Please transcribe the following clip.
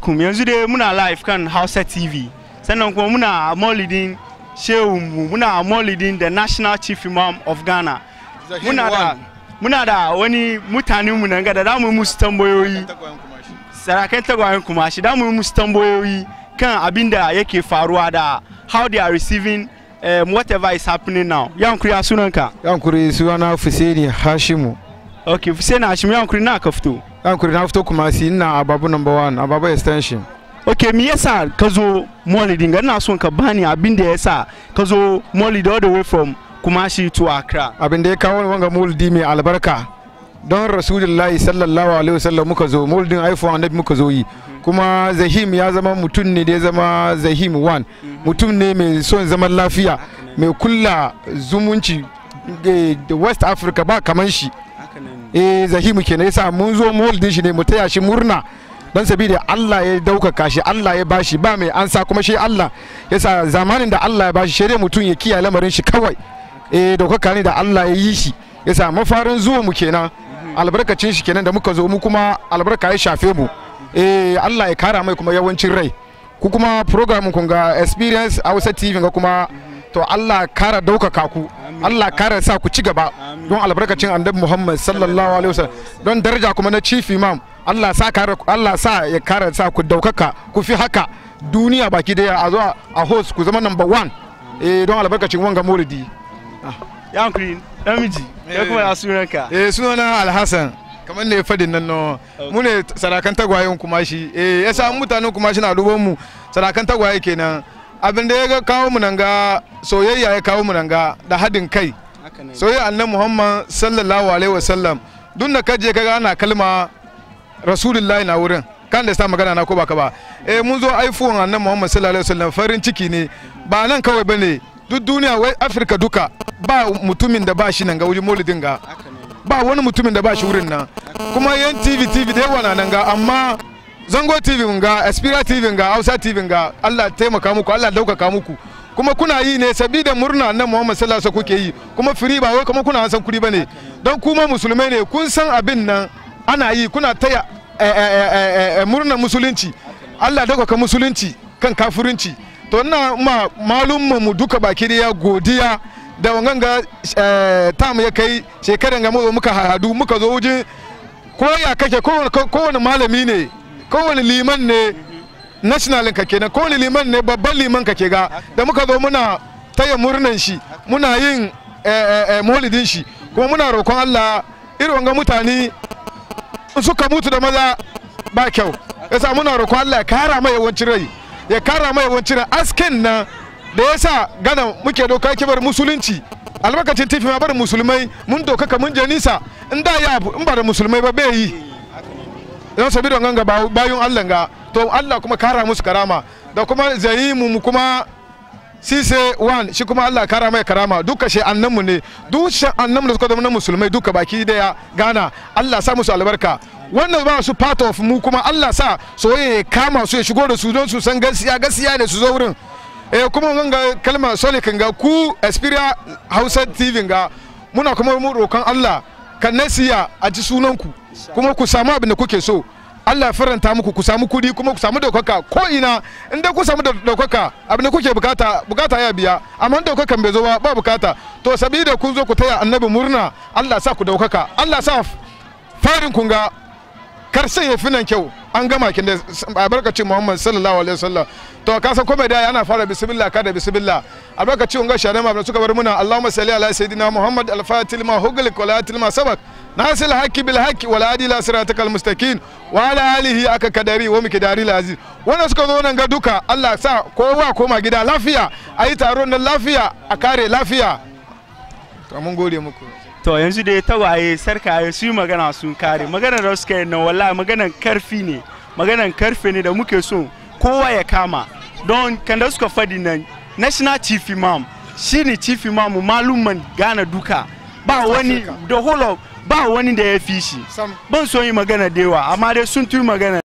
kuma yanzu dai muna live kan hausa tv sannan kuma muna maulidin mu muna amolidin the national chief imam of ghana muna da muna da wani mutane nan ga da damu yi musu tambayoyi sarakan tagwayen kuma shi damu musu kan abin da yake faruwa da how they are receiving um, whatever is happening now yankuri asunanka. yankuri suwana fuseni hashimu ok fuseni hashimu yankuri na ka fito kan kuri na fito kuma si ina ababu number one ababu extension ok me yasa ka zo ga ina son ka bani abin da yasa ka zo molid all the way from kumashi to accra abin da ya kawo wanga molidi mai albarka don rasulullahi sallallahu alaihi wasallam muka zo molidin haifuwa annabi muka zo yi kuma zahim ya zama mutum ne da ya zama zahim one mutum ne mai son zaman lafiya mai kulla zumunci eh, west africa ba kaman shi eh zahimu kenan yasa mun zo mu holding shi ne mu taya shi murna dan sabida Allah ya daukaka shi Allah ya bashi ba mai ansa kuma shi Allah yasa zamanin da Allah ya bashi shede mutum ya kiyaye lamarin shi kawai eh daukaka ne da Allah ya yi shi yasa mafarin zuwa mu kenan albarkacin shi kenan da muka zo mu kuma albarka ya shafe mu eh Allah ya kara mai kuma yawancin rai ku kuma program kun ga experience Hausa TV ga kuma to Allah kara daukaka ku Allah kare sa ku ci gaba don albarkacin annabi Muhammad sallallahu alaihi wasallam don daraja kuma na chief imam Allah sa kare Allah sa ya kare sa ku daukaka ku fi haka duniya baki daya a zuwa a host ku zama number one eh don albarkacin wanga maulidi ah, ya hankuri namiji ya eh. kuma ya sunanka eh sunana Alhasan kamar ne fadin nan no mu ne sarakan tagwayen kuma shi eh samu mutanen kuma shi na duban mu sarakan tagwaye kenan abin da ya kawo mu nan ga soyayya ya kawo mu nan ga da haɗin kai soyayya annabi muhammad sallallahu alaihi wasallam duk da kaje kaga ana kalma rasulullahi na wurin kan da sa magana na ko baka ba eh mun zo iphone annabi muhammad sallallahu alaihi wasallam farin ciki ne ba nan kawai bane duk duniya wai afirka duka ba mutumin da ba shi nan ga wuri maulidin ga ba wani mutumin da ba shi wurin nan kuma yan tv tv da yawa na nan ga amma zango tv nga aspira tv nga hausa tv nga allah taimaka muku allah daukaka muku kuma kuna yi ne sabida murna nan muhammad sallallahu alaihi kuke yi kuma firi ba wai kuma kuna san kuri bane don kuma musulmai ne kun san abin nan ana yi kuna taya eh, eh, eh, murna musulunci allah daukaka musulunci kan kafirinci to ina ma malumma mu duka baki da godiya da wangan ga tam ya kai shekaran ga muka hadu muka zo wajen ko ya kake kowane malami ne kowane liman ne nationalin ka kenan kowane liman ne babban liman ka ke ga da muka zo muna taya murnan shi muna yin eh, eh, eh, maulidin shi kuma muna roƙon Allah irin wanga mutane suka mutu da maza ba kyau yasa muna roƙon Allah ya kara mai yawancin rai ya kara mai yawancin rai askin nan da yasa gana muke doka kibar musulunci albarkacin tafi ma bar musulmai mun doka ka mun je nisa in da ya in ba da musulmai ba bai yi don sabi don ganga bayan allah ga to allah kuma kara musu karama da kuma mu kuma sise wan shi kuma allah kara mai karama duka shi annanmu ne duk shi annanmu da suka zama na musulmai duka baki daya gana allah sa musu albarka wannan ba su part of mu kuma allah sa soye ya kama su ya shigo da su don su san gaskiya gaskiya ne su zo wurin eh kuma ganga kalma solikin ga ku experience hausa tv ga muna kuma mu roƙon allah kan na siya a ji sunanku kuma ku samu abin da kuke so Allah ya faranta muku ku samu kuɗi kuma ku samu daukaka ko ina in dai ku samu daukaka abin da kuke bukata bukata ya biya amma daukakan bai zo ba ba bukata to sabida kun zo ku taya annabi murna Allah sa ku daukaka Allah sa farin kun ga kar sai ya fi nan kyau an gama kin da albarkacin muhammad sallallahu alaihi wasallam to ka san komai da yana fara bismillah ka da bismillah albarkacin unga shane ma suka bar muna allahumma salli ala sayidina muhammad al-fatil ma hugul qulatil ma sabak nasil haqqi bil haqqi wal adi la siratal mustaqim wa ala alihi aka kadari wa mikdari al aziz wannan suka zo nan ga duka allah sa kowa koma gida lafiya ayi taron na lafiya a kare lafiya to mun gode muku to yanzu dai sarka ya su magana sun kare magana da suka yi nan wallahi maganar karfi ne maganar karfi ne da muke so kowa ya kama don kanda suka fadi nan national chief imam shine chief imam maluman gana duka ba wani da whole ba wani da ya fi shi ban so yi magana da yawa amma dai sun tuyi magana